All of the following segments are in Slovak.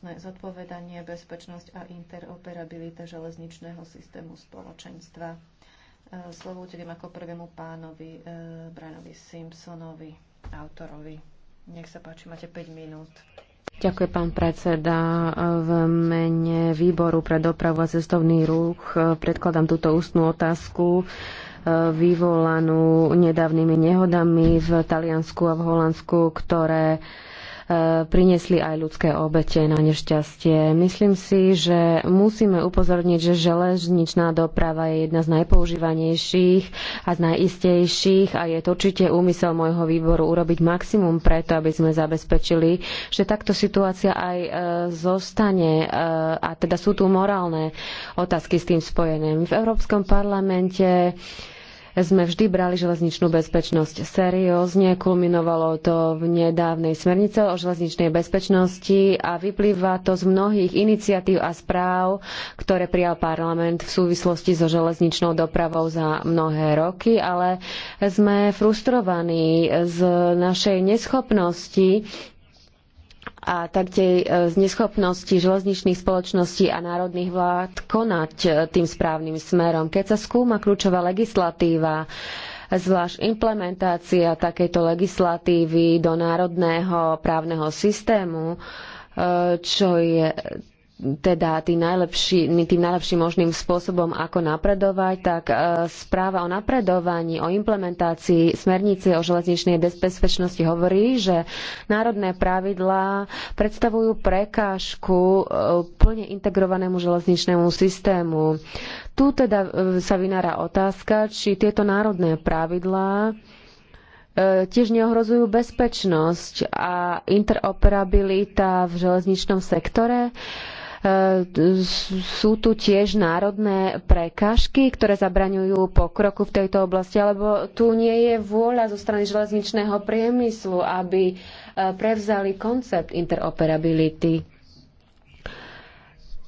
jasné zodpovedanie, bezpečnosť a interoperabilita železničného systému spoločenstva. E, slovo udelím ako prvému pánovi e, Branovi Simpsonovi, autorovi. Nech sa páči, máte 5 minút. Ďakujem, pán predseda. V mene výboru pre dopravu a cestovný ruch e, predkladám túto ústnú otázku vyvolanú nedávnymi nehodami v Taliansku a v Holandsku, ktoré priniesli aj ľudské obete na nešťastie. Myslím si, že musíme upozorniť, že železničná doprava je jedna z najpoužívanejších a z najistejších a je to určite úmysel môjho výboru urobiť maximum preto, aby sme zabezpečili, že takto situácia aj e, zostane e, a teda sú tu morálne otázky s tým spojené. My v Európskom parlamente sme vždy brali železničnú bezpečnosť seriózne. Kulminovalo to v nedávnej smernice o železničnej bezpečnosti a vyplýva to z mnohých iniciatív a správ, ktoré prijal parlament v súvislosti so železničnou dopravou za mnohé roky, ale sme frustrovaní z našej neschopnosti a taktiež e, z neschopnosti železničných spoločností a národných vlád konať e, tým správnym smerom. Keď sa skúma kľúčová legislatíva, zvlášť implementácia takejto legislatívy do národného právneho systému, e, čo je teda tým, najlepší, tým najlepším možným spôsobom, ako napredovať, tak e, správa o napredovaní, o implementácii smernice o železničnej bezpečnosti hovorí, že národné pravidlá predstavujú prekážku e, plne integrovanému železničnému systému. Tu teda e, sa vynára otázka, či tieto národné pravidlá tiež neohrozujú bezpečnosť a interoperabilita v železničnom sektore. Uh, sú tu tiež národné prekažky, ktoré zabraňujú pokroku v tejto oblasti, alebo tu nie je vôľa zo strany železničného priemyslu, aby e, prevzali koncept interoperability.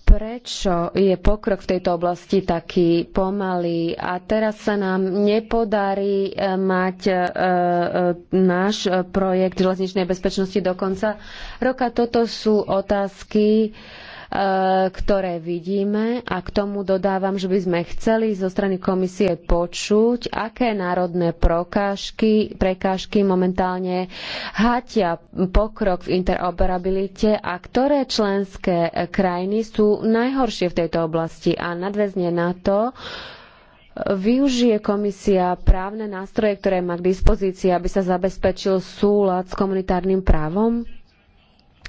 Prečo je pokrok v tejto oblasti taký pomalý a teraz sa nám nepodarí e, mať e, náš projekt železničnej bezpečnosti do konca roka? Toto sú otázky, Eh, ktoré vidíme a k tomu dodávam, že by sme chceli zo strany komisie počuť, aké národné prokážky, prekážky momentálne hatia pokrok v interoperabilite a ktoré členské krajiny sú najhoršie v tejto oblasti a nadväzne na to, Využije komisia právne nástroje, ktoré má k dispozícii, aby sa zabezpečil súlad s komunitárnym právom?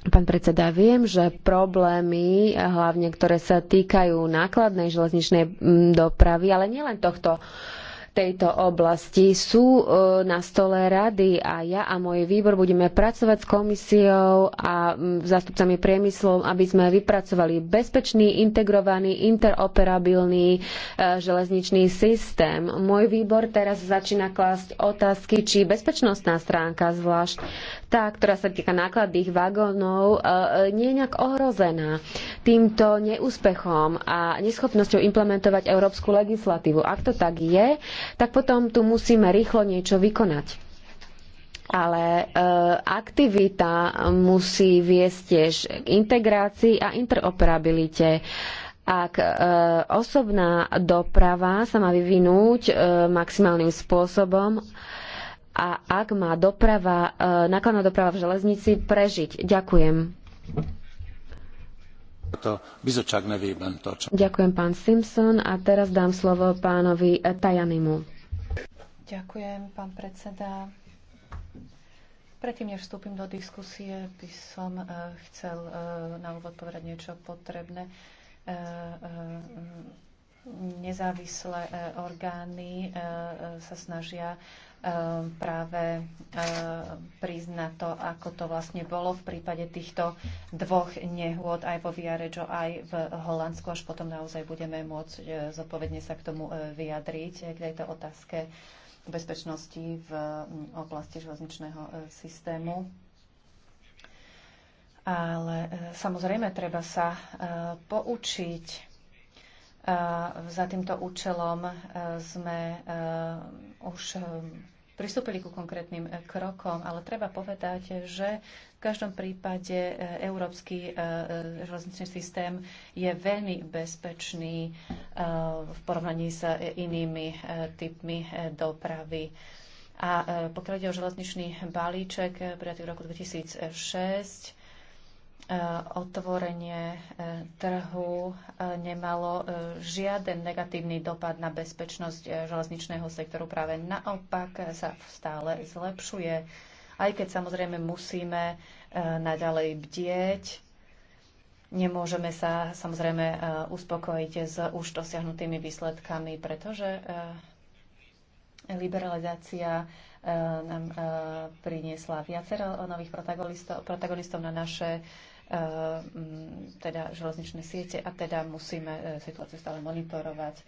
Pán predseda, viem, že problémy, hlavne ktoré sa týkajú nákladnej železničnej mm, dopravy, ale nielen tohto tejto oblasti sú e, na stole rady a ja a môj výbor budeme pracovať s komisiou a mm, zástupcami priemyslov, aby sme vypracovali bezpečný, integrovaný, interoperabilný e, železničný systém. Môj výbor teraz začína klásť otázky, či bezpečnostná stránka, zvlášť tá, ktorá sa týka nákladných vagónov, e, nie je nejak ohrozená týmto neúspechom a neschopnosťou implementovať európsku legislatívu. Ak to tak je, tak potom tu musíme rýchlo niečo vykonať. Ale e, aktivita musí viesť tiež k integrácii a interoperabilite. Ak e, osobná doprava sa má vyvinúť e, maximálnym spôsobom, e, a ak má doprava, e, nákladná doprava v železnici prežiť. Ďakujem. Ďakujem pán Simpson a teraz dám slovo pánovi e, Tajanimu. Ďakujem pán predseda. Predtým, než vstúpim do diskusie, by som e, chcel na úvod povedať niečo potrebné nezávislé orgány sa snažia Ehm, práve ehm, na to, ako to vlastne bolo v prípade týchto dvoch nehôd aj vo Viarečo, aj v Holandsku, až potom naozaj budeme môcť e, zodpovedne sa k tomu e, vyjadriť, k tejto otázke bezpečnosti v mm, oblasti železničného e, systému. Ale samozrejme treba sa poučiť za týmto účelom sme už pristúpili ku konkrétnym eh, krokom, ale treba povedať, že v každom prípade eh, európsky eh, železničný systém je veľmi bezpečný v porovnaní s inými typmi dopravy. A pokiaľ ide o železničný balíček prijatý v roku 2006, E, otvorenie e, trhu e, nemalo žiaden negatívny dopad na bezpečnosť železničného sektoru. Práve naopak sa stále zlepšuje, aj keď samozrejme musíme naďalej bdieť. Nemôžeme sa samozrejme uspokojiť s už dosiahnutými výsledkami, pretože liberalizácia nám priniesla viacero nových protagonistov, protagonistov na naše E, teda železničné siete a teda musíme e, situáciu stále monitorovať.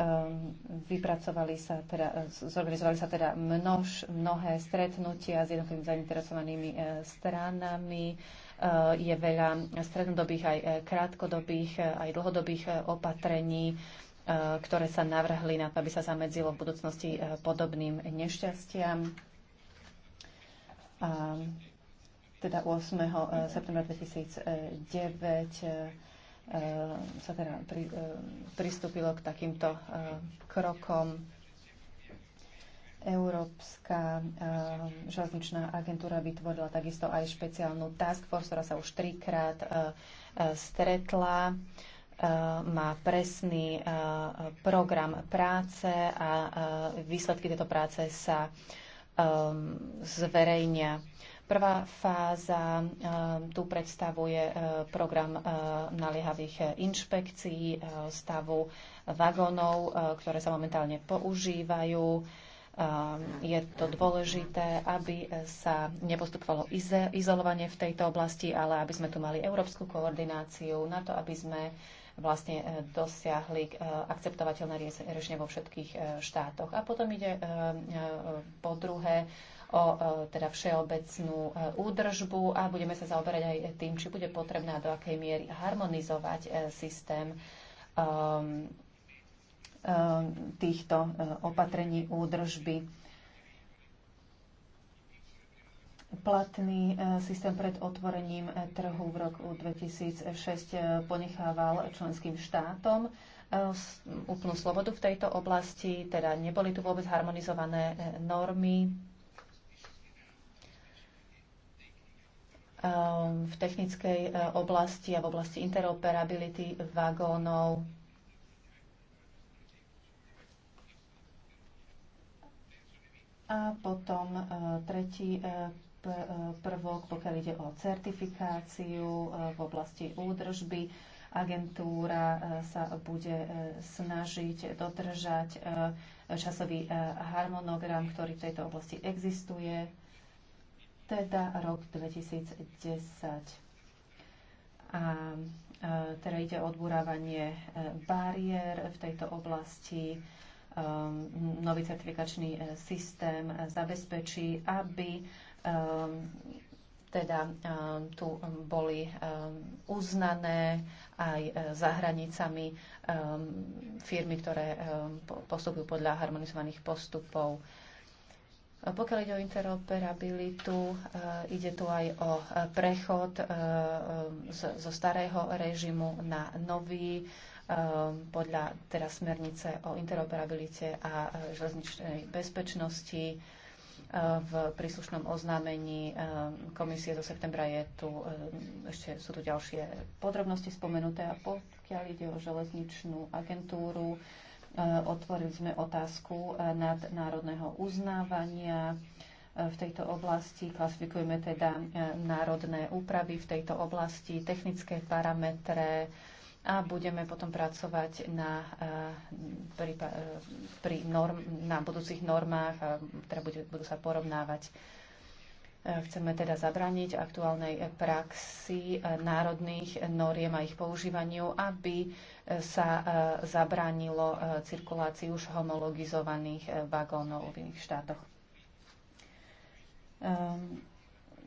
Ehm, vypracovali sa teda, e, zorganizovali sa teda množ, mnohé stretnutia s jednotlivými zainteresovanými stranami. Je veľa strednodobých aj krátkodobých, aj dlhodobých opatrení, ktoré sa navrhli na to, aby sa zamedzilo v budúcnosti podobným nešťastiam teda 8. Eh, septembra 2009 eh, eh, sa teda pri, pristúpilo k takýmto krokom. Európska železničná agentúra vytvorila takisto aj špeciálnu task force, ktorá sa už trikrát stretla má presný program práce a výsledky tejto práce sa zverejnia. Prvá fáza eh, tu predstavuje eh, program eh, naliehavých inšpekcií stavu vagónov, ktoré sa momentálne používajú. Je to dôležité, aby sa nepostupovalo izolovanie v tejto oblasti, ale aby sme tu mali európsku koordináciu na to, aby sme vlastne e, dosiahli e, akceptovateľné riešenie vo všetkých e, štátoch. A potom ide po druhé o teda všeobecnú údržbu a budeme sa zaoberať aj tým, či bude potrebné do akej miery harmonizovať systém um, um, týchto opatrení údržby platný e, systém pred otvorením e, trhu v roku 2006 e, ponechával členským štátom úplnú slobodu v tejto oblasti, teda neboli tu vôbec harmonizované normy. V technickej oblasti a v oblasti interoperability vagónov A potom tretí Eh, prvok, pokiaľ ide o certifikáciu eh, v oblasti údržby. Agentúra eh, sa bude snažiť dodržať časový harmonogram, ktorý v tejto oblasti existuje, teda rok 2010. A teda ide o odburávanie bariér v tejto oblasti nový certifikačný systém zabezpečí, aby Ehm, teda ehm, tu boli ehm, uznané aj e, za hranicami firmy, ktoré postupujú podľa harmonizovaných postupov. E, pokiaľ ide o interoperabilitu, e, ide tu aj o prechod zo starého režimu na nový podľa smernice o interoperabilite a železničnej bezpečnosti v príslušnom oznámení eh, komisie zo septembra je tu, eh, ešte sú tu ďalšie podrobnosti spomenuté a pokiaľ ide o železničnú agentúru, eh, otvorili sme otázku nadnárodného uznávania v tejto oblasti. Klasifikujeme teda národné úpravy v tejto oblasti, technické parametre, a budeme potom pracovať na, eh, pri, eh, pri norm, na budúcich normách, eh, ktoré budú, budú sa porovnávať. Chceme teda zabrániť aktuálnej praxi národných noriem a ich používaniu, aby sa zabránilo cirkulácii už homologizovaných vagónov v iných štátoch. Um,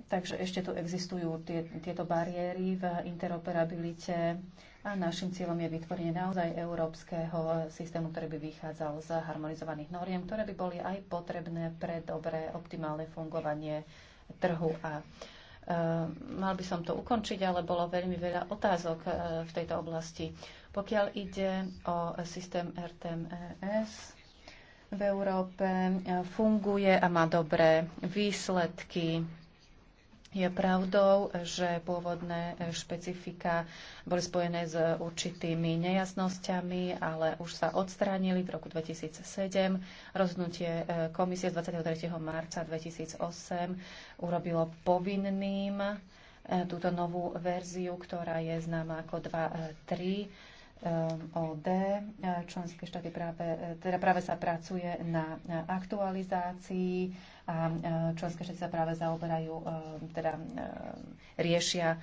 Takže ešte tu existujú tie, tieto bariéry v interoperabilite a našim cieľom je vytvorenie naozaj európskeho systému, ktorý by vychádzal z harmonizovaných noriem, ktoré by boli aj potrebné pre dobré, optimálne fungovanie trhu. A e, mal by som to ukončiť, ale bolo veľmi veľa otázok e, v tejto oblasti. Pokiaľ ide o systém RTMS, v Európe e, funguje a má dobré výsledky je pravdou, že pôvodné e, špecifika boli spojené s určitými nejasnosťami, ale už sa odstránili v roku 2007. Rozhodnutie e, komisie z 23. marca 2008 urobilo povinným e, túto novú verziu, ktorá je známa ako 2.3 OD. Členské štáty práve, teda práve sa pracuje na aktualizácii a členské štáty sa práve zaoberajú, teda riešia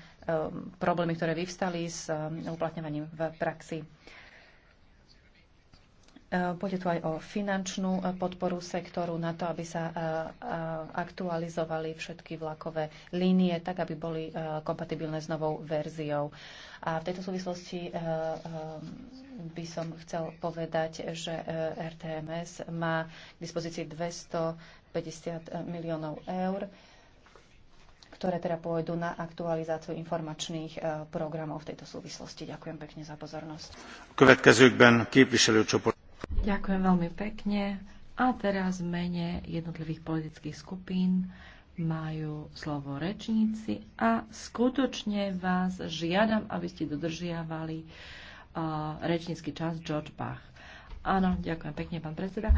problémy, ktoré vyvstali s uplatňovaním v praxi. Bude eh, tu aj o finančnú eh, podporu sektoru na to, aby sa eh, aktualizovali všetky vlakové línie, tak aby boli kompatibilné s novou verziou. A v tejto súvislosti by som chcel povedať, že RTMS má k dispozícii 250 miliónov eur ktoré teda pôjdu na aktualizáciu informačných programov v tejto súvislosti. Ďakujem pekne za pozornosť. Ďakujem veľmi pekne. A teraz mene jednotlivých politických skupín majú slovo rečníci a skutočne vás žiadam, aby ste dodržiavali uh, rečnícky čas George Bach. Áno, ďakujem pekne, pán predseda.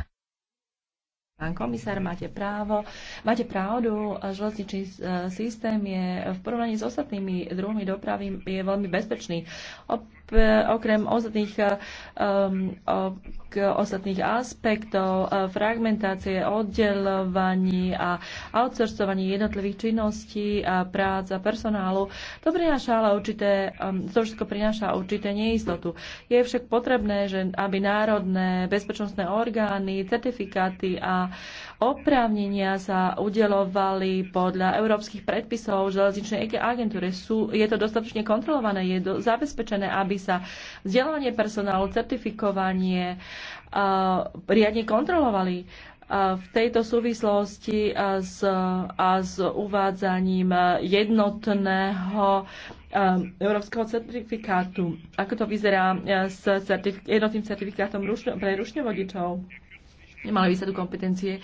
Pán komisár, máte právo, máte pravdu, železničný e, systém je v porovnaní s ostatnými druhmi dopravy je veľmi bezpečný okrem ostatných, um, eh, ok, ostatných aspektov eh, fragmentácie, oddelovaní a outsourcovaní jednotlivých činností a prác a personálu, to prináša ale určité, um, to všetko prináša určité neistotu. Je však potrebné, že aby národné bezpečnostné orgány, certifikáty a uh, oprávnenia sa udelovali podľa európskych predpisov železničnej agentúry. Sú, je to dostatočne kontrolované, je do, zabezpečené, aby sa vzdelávanie personálu, certifikovanie uh, riadne kontrolovali. v tejto súvislosti a s, a s uvádzaním jednotného európskeho certifikátu. Ako to vyzerá s certif- jednotným certifikátom rušno- pre rušňovodičov? nemali by sa tu kompetencie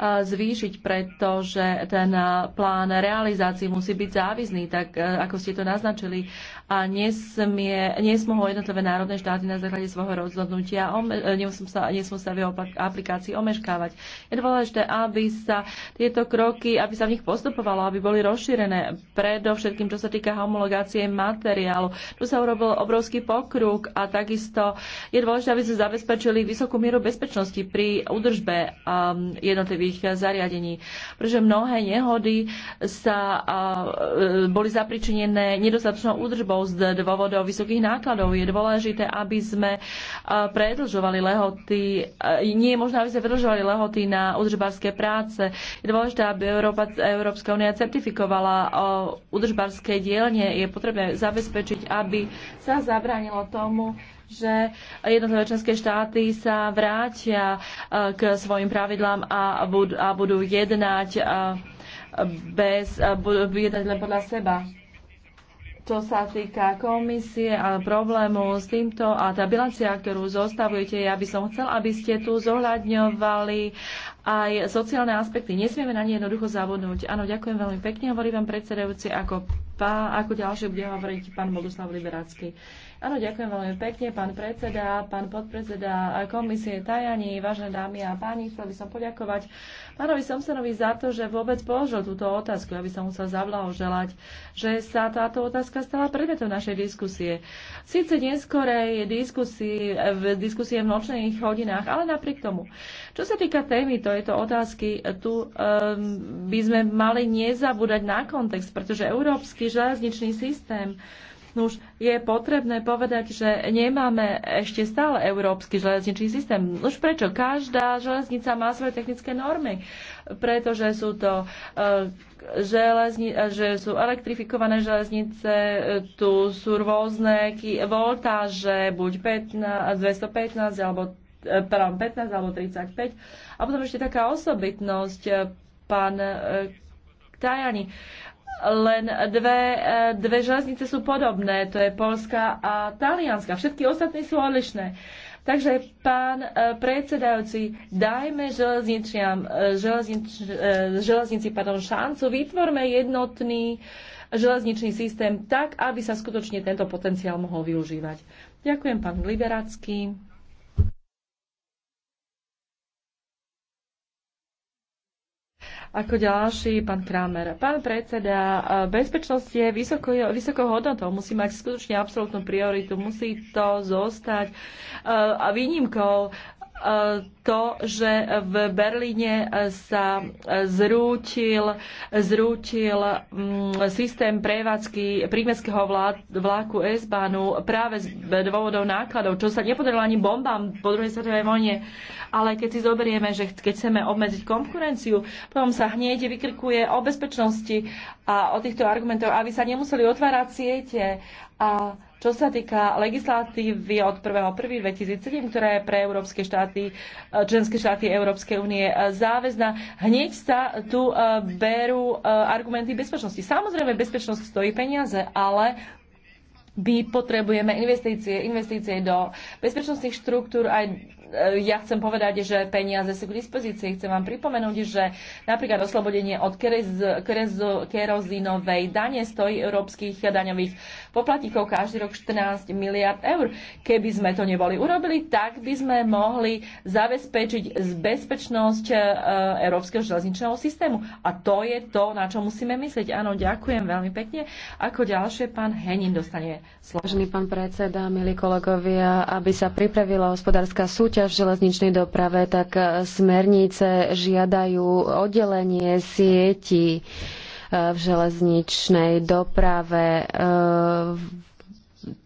zvýšiť, pretože ten plán realizácií musí byť závisný, tak e, ako ste to naznačili, a nesmie, nesmú ho jednotlivé národné štáty na základe svojho rozhodnutia, e, nesmú sa, nesmú sa v jeho aplikácii omeškávať. Je dôležité, aby sa tieto kroky, aby sa v nich postupovalo, aby boli rozšírené, predovšetkým čo sa týka homologácie materiálu. Tu sa urobil obrovský pokruk a takisto je dôležité, aby sme zabezpečili vysokú mieru bezpečnosti pri údržbe um, jednotlivých jednotlivých eh, zariadení. Pretože mnohé nehody sa eh, eh, boli zapričinené nedostatočnou údržbou z dôvodov vysokých nákladov. Je dôležité, aby sme predlžovali lehoty, nie je možné, aby sme predlžovali lehoty na údržbárske práce. Je dôležité, aby Európa, Európska únia certifikovala údržbárske dielne. Je potrebné zabezpečiť, aby sa zabránilo tomu, že jednotlivé členské štáty sa vrátia e, k svojim pravidlám a budú, a budú jednať e, bez, e, budú jednať len podľa seba čo sa týka komisie a problému s týmto a tá bilancia, ktorú zostavujete, ja by som chcel, aby ste tu zohľadňovali aj sociálne aspekty. Nesmieme na ne jednoducho zavodnúť. Áno, ďakujem veľmi pekne, hovorí vám predsedajúci, ako, pá, ako ďalšie bude hovoriť pán Boguslav Liberácky. Áno, ďakujem veľmi pekne, pán predseda, pán podpredseda komisie Tajani, vážené dámy a páni, chcel by som poďakovať pánovi Somsenovi za to, že vôbec položil túto otázku. Ja by som musel zavlahoželať, že sa táto otázka stala predmetom našej diskusie. Sice neskorej diskusie, v diskusie v nočných hodinách, ale napriek tomu. Čo sa týka témy tejto otázky, tu um, by sme mali nezabúdať na kontext, pretože európsky železničný systém Nuž, už je potrebné povedať, že nemáme ešte stále európsky železničný systém. Nuž prečo? Každá železnica má svoje technické normy, pretože sú to eh, železni, eh, že sú elektrifikované železnice, eh, tu sú rôzne voltáže, buď 15, 215 alebo 15 alebo 35. A potom ešte taká osobitnosť, pán Tajani len dve, e, dve železnice sú podobné, to je Polska a Talianska. Všetky ostatné sú odlišné. Takže, pán e, predsedajúci, dajme železničiam, e, železnič, železnici pardon, šancu, vytvorme jednotný železničný systém tak, aby sa skutočne tento potenciál mohol využívať. Ďakujem, pán Liberacký. Ako ďalší, pán Kramer. Pán predseda, e, bezpečnosť je vysoko, vysokou hodnotou, musí mať skutočne absolútnu prioritu, musí to zostať e, a výnimkou to, že v Berlíne sa zrútil, zrútil mm, systém prevádzky prímeského vláku S-Bahnu práve z dôvodov nákladov, čo sa nepodarilo ani bombám po druhej svetovej vojne. Ale keď si zoberieme, že keď chceme obmedziť konkurenciu, potom sa hneď vykrikuje o bezpečnosti a o týchto argumentov, aby sa nemuseli otvárať siete a čo sa týka legislatívy od 1.1.2007, ktorá je pre európske štáty, e, členské štáty Európskej únie e, záväzná, hneď sa tu e, berú argumenty bezpečnosti. Samozrejme, bezpečnosť stojí peniaze, ale my potrebujeme investície, investície do bezpečnostných štruktúr aj E, ja chcem povedať, že peniaze sú k dispozícii. Chcem vám pripomenúť, že napríklad oslobodenie od kerozínovej dane stojí európskych daňových poplatníkov každý rok 14 miliard eur. Keby sme to neboli urobili, tak by sme mohli zabezpečiť bezpečnosť e, európskeho železničného systému. A to je to, na čo musíme myslieť. Áno, ďakujem veľmi pekne. Ako ďalšie, pán Henin dostane slovo. Vážený pán predseda, milí kolegovia, aby sa pripravila hospodárska súťaž, v železničnej doprave, tak e, smernice žiadajú oddelenie sieti e, v železničnej doprave. E,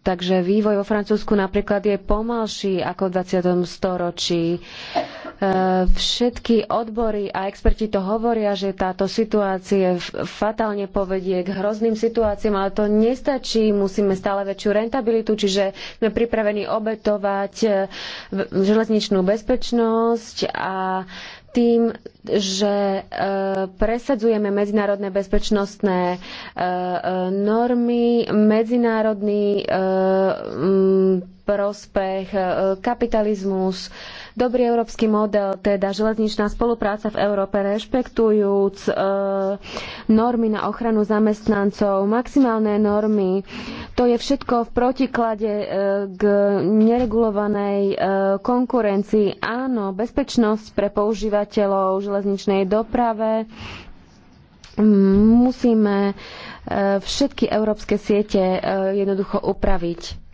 takže vývoj vo Francúzsku napríklad je pomalší ako v 20. storočí. E, všetky odbory a experti to hovoria, že táto situácia fatálne povedie k hrozným situáciám, ale to nestačí. Musíme stále väčšiu rentabilitu, čiže sme pripravení obetovať e, železničnú bezpečnosť a tým, že e, presadzujeme medzinárodné bezpečnostné normy, medzinárodný prospech, kapitalizmus, Dobrý európsky model, teda železničná spolupráca v Európe, rešpektujúc e, normy na ochranu zamestnancov, maximálne normy, to je všetko v protiklade e, k neregulovanej e, konkurencii. Áno, bezpečnosť pre používateľov železničnej doprave musíme e, všetky európske siete e, jednoducho upraviť.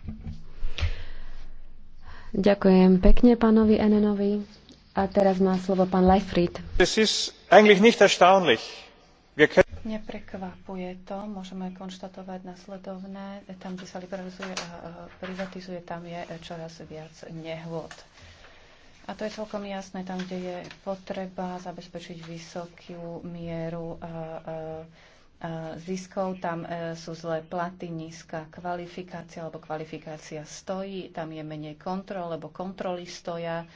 Ďakujem pekne pánovi Enenovi. A teraz má slovo pán Leifried. Neprekvapuje to, môžeme konštatovať nasledovné, tam, kde sa liberalizuje a privatizuje, tam je čoraz viac nehôd. A to je celkom jasné, tam, kde je potreba zabezpečiť vysokú mieru a, a, E, ziskov, tam e, sú zlé platy, nízka kvalifikácia alebo kvalifikácia stojí, tam je menej kontrol, lebo kontroly stoja.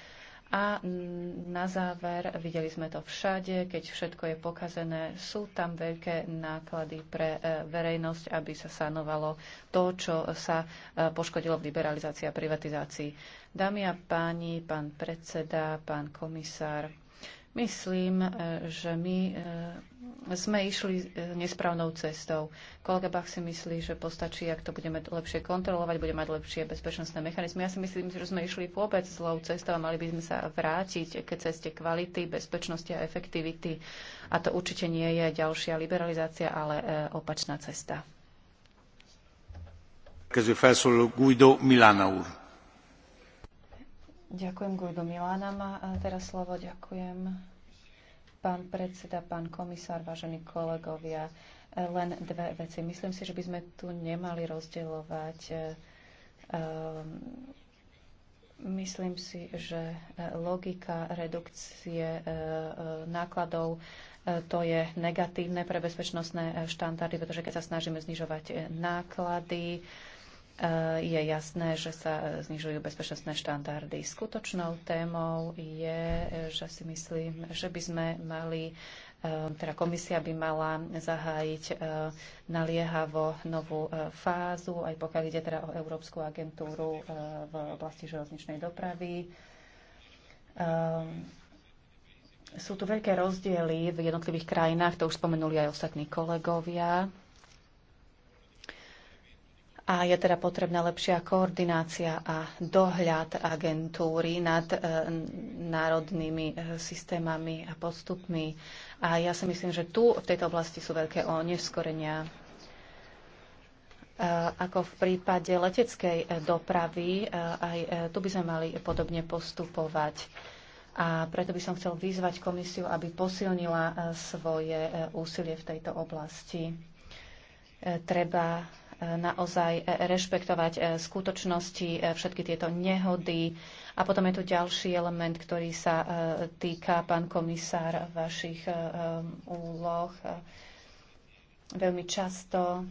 A na záver, videli sme to všade, keď všetko je pokazené, sú tam veľké náklady pre e, verejnosť, aby sa sanovalo to, čo sa poškodilo v liberalizácii a privatizácii. Dámy a páni, pán predseda, pán komisár, myslím, že my sme išli e, nesprávnou cestou. Kolega Bach si myslí, že postačí, ak to budeme lepšie kontrolovať, budeme mať lepšie bezpečnostné mechanizmy. Ja si myslím, že sme išli vôbec zlou cestou a mali by sme sa vrátiť k ceste kvality, bezpečnosti a efektivity. A to určite nie je ďalšia liberalizácia, ale e, opačná cesta. Ďakujem Guido Milana. A e, teraz slovo ďakujem. Pán predseda, pán komisár, vážení kolegovia, len dve veci. Myslím si, že by sme tu nemali rozdielovať. Eh, ehm, myslím si, že eh, logika redukcie eh, nákladov to je negatívne pre bezpečnostné štandardy, pretože keď sa snažíme znižovať náklady, E, je jasné, že sa e, znižujú bezpečnostné štandardy. Skutočnou témou je, e, že si myslím, že by sme mali, teda komisia by mala zahájiť naliehavo novú fázu, aj pokiaľ ide teda o Európsku agentúru v oblasti železničnej dopravy. Sú tu veľké rozdiely v jednotlivých krajinách, to už spomenuli aj ostatní kolegovia a je teda potrebná lepšia koordinácia a dohľad agentúry nad e, národnými e, systémami a postupmi. A ja si myslím, že tu v tejto oblasti sú veľké oneskorenia. E, ako v prípade leteckej e, dopravy, e, aj e, tu by sme mali podobne postupovať. A preto by som chcel vyzvať komisiu, aby posilnila svoje úsilie v tejto oblasti. Treba naozaj e, rešpektovať e, skutočnosti, e, všetky tieto nehody. A potom je tu ďalší element, ktorý sa týka, pán komisár, vašich úloh. Veľmi často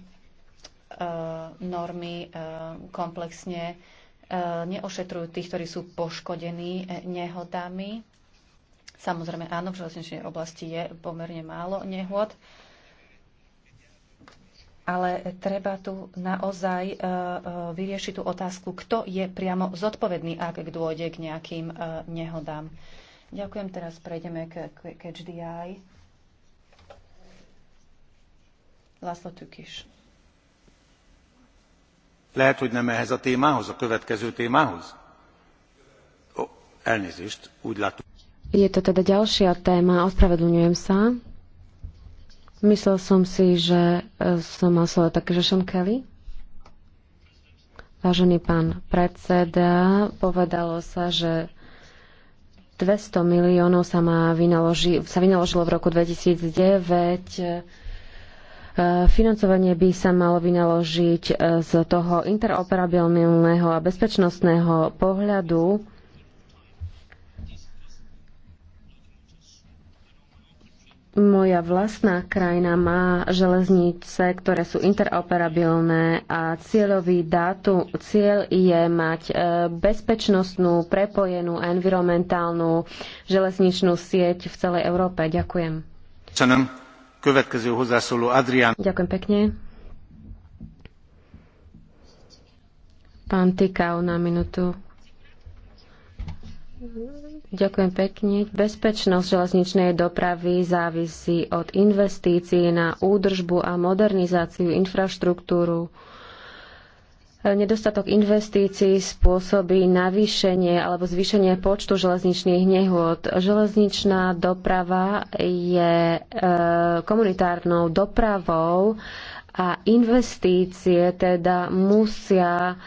normy komplexne neošetrujú tých, ktorí sú poškodení nehodami. Samozrejme, áno, v železničnej oblasti je pomerne málo nehod, ale treba tu naozaj e, e, vyriešiť tú otázku, kto je priamo zodpovedný, ak dôjde k nejakým e, nehodám. Ďakujem, teraz prejdeme k Catch the Eye. László Tükis. Lehet, hogy nem ehhez a témához, a következő témához? Oh, elnézést, úgy látom. Je to teda ďalšia téma, ospravedlňujem sa. Myslel som si, že e, som mal slovo také, že som Kelly. Vážený pán predseda, povedalo sa, že 200 miliónov sa, má vynaloži, sa vynaložilo v roku 2009 e, Financovanie by sa malo vynaložiť e, z toho interoperabilného a bezpečnostného pohľadu Moja vlastná krajina má železnice, ktoré sú interoperabilné a cieľový dátum, cieľ je mať e, bezpečnostnú, prepojenú a environmentálnu železničnú sieť v celej Európe. Ďakujem. Ďakujem pekne. Pán Tykau na minutu. Ďakujem pekne. Bezpečnosť železničnej dopravy závisí od investícií na údržbu a modernizáciu infraštruktúru. Nedostatok investícií spôsobí navýšenie alebo zvýšenie počtu železničných nehôd. Železničná doprava je e, komunitárnou dopravou a investície teda musia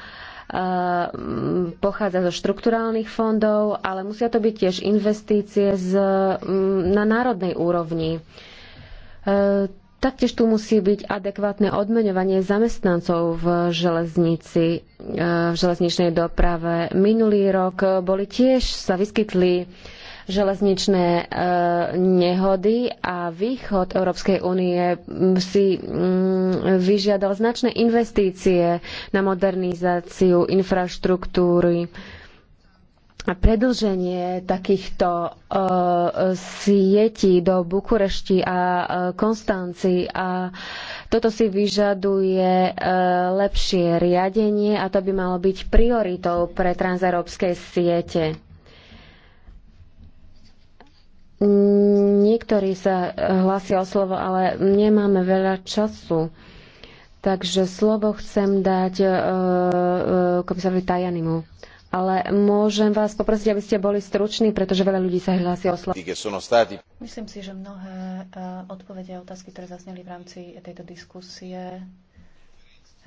Ehm, pochádza zo štrukturálnych fondov, ale musia to byť tiež investície z, mm, na národnej úrovni. Ehm, taktiež tu musí byť adekvátne odmeňovanie zamestnancov v železnici, ehm, v železničnej doprave. Minulý rok boli tiež, sa vyskytli železničné e, nehody a východ Európskej únie mm, si mm, vyžiadal značné investície na modernizáciu infraštruktúry a predlženie takýchto e, sietí do Bukurešti a e, Konstanci a toto si vyžaduje lepšie riadenie a to by malo byť prioritou pre transeurópske siete. Niektorí sa eh, hlasia o slovo, ale nemáme veľa času. Takže slovo chcem dať eh, eh, komisárovi Tajanimu. Ale môžem vás poprosiť, aby ste boli struční, pretože veľa ľudí sa hlási o slovo. Myslím si, že mnohé odpovede a otázky, ktoré zazneli v rámci tejto diskusie,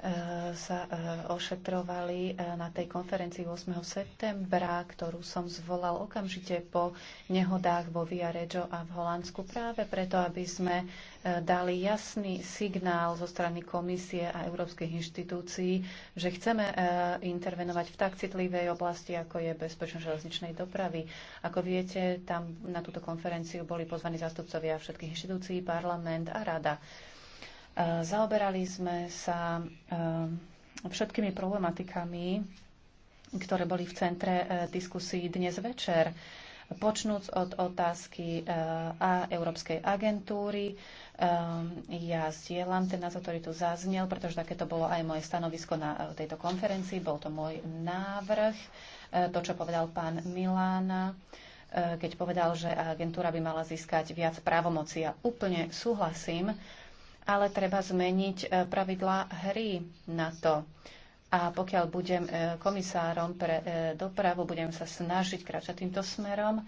E, sa e, ošetrovali e, na tej konferencii 8. septembra, ktorú som zvolal okamžite po nehodách vo Via Reggio a v Holandsku práve preto, aby sme dali jasný signál zo strany komisie a európskych inštitúcií, že chceme intervenovať v tak citlivej oblasti, ako je bezpečnosť železničnej dopravy. Ako viete, tam na túto konferenciu boli pozvaní zástupcovia všetkých inštitúcií, parlament a rada. E, zaoberali sme sa e, všetkými problematikami, ktoré boli v centre e, diskusí dnes večer počnúc od otázky a Európskej agentúry. Ja zdieľam ten názor, ktorý tu zaznel, pretože takéto bolo aj moje stanovisko na tejto konferencii. Bol to môj návrh, to, čo povedal pán Milána keď povedal, že agentúra by mala získať viac právomoci. Ja úplne súhlasím, ale treba zmeniť e, pravidlá hry na to. A pokiaľ budem e, komisárom pre e, dopravu, budem sa snažiť kráčať týmto smerom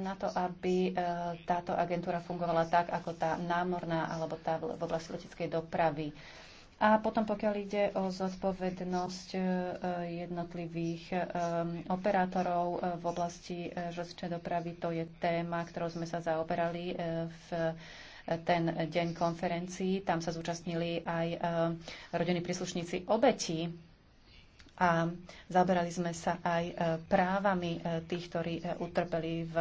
na to, aby táto agentúra fungovala tak, ako tá námorná alebo tá v oblasti leteckej dopravy. A potom, pokiaľ ide o zodpovednosť jednotlivých operátorov v oblasti železničnej dopravy, to je téma, ktorou sme sa zaoberali v ten deň konferencií. Tam sa zúčastnili aj e, rodiny príslušníci obetí a zaberali sme sa aj e, právami e, tých, ktorí utrpeli v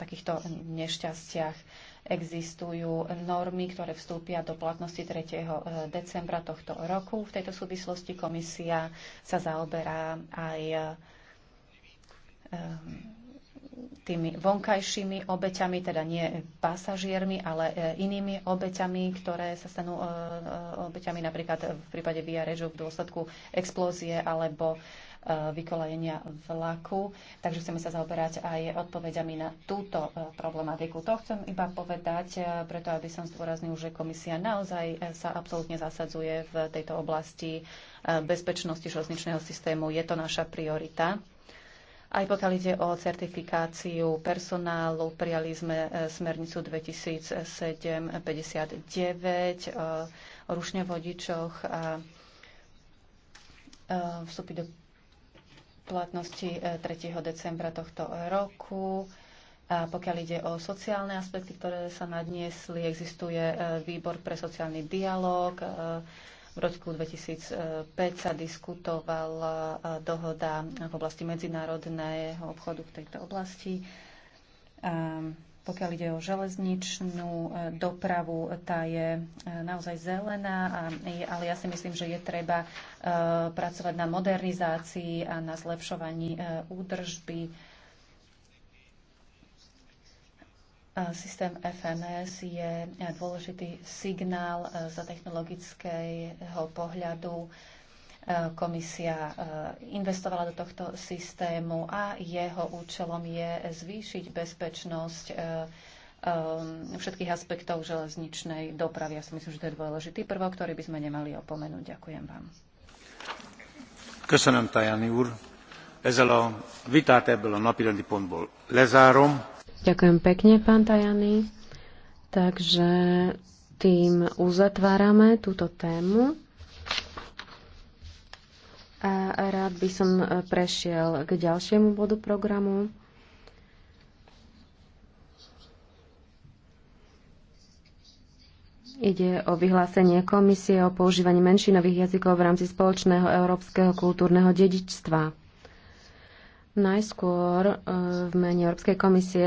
takýchto nešťastiach. Existujú normy, ktoré vstúpia do platnosti 3. decembra tohto roku. V tejto súvislosti komisia sa zaoberá aj tými vonkajšími obeťami, teda nie pasažiermi, ale e, inými obeťami, ktoré sa stanú e, e, obeťami napríklad v prípade Via Regio v dôsledku explózie alebo vykolajenia vlaku. Takže chceme sa zaoberať aj odpovediami na túto problematiku. To chcem iba povedať, preto aby som zdôraznil, že komisia naozaj sa absolútne zasadzuje v tejto oblasti bezpečnosti železničného systému. Je to naša priorita aj pokiaľ ide o certifikáciu personálu, prijali sme e, smernicu 2007-59 e, o rušňovodičoch a e, vstupy do platnosti 3. decembra tohto roku. A pokiaľ ide o sociálne aspekty, ktoré sa nadniesli, existuje výbor pre sociálny dialog, v roku 2005 sa diskutovala e, dohoda v oblasti medzinárodného obchodu v tejto oblasti. pokiaľ ide o železničnú e, dopravu, tá je e, naozaj zelená, ale ja si myslím, že je treba pracovať na modernizácii a na zlepšovaní údržby E, systém FMS je dôležitý signál e, za technologického pohľadu. E, komisia investovala do tohto systému a jeho účelom je zvýšiť bezpečnosť všetkých aspektov železničnej dopravy. Ja si myslím, že to je dôležitý prvok, ktorý by sme nemali opomenúť. Ďakujem vám. Köszönöm, Tajani úr. Ezzel a vitát ebből a napirendi pontból lezárom. Ďakujem pekne, pán Tajany. Takže tým uzatvárame túto tému. A rád by som prešiel k ďalšiemu bodu programu. Ide o vyhlásenie komisie o používaní menšinových jazykov v rámci spoločného európskeho kultúrneho dedičstva. Najskôr eh, v mene Európskej komisie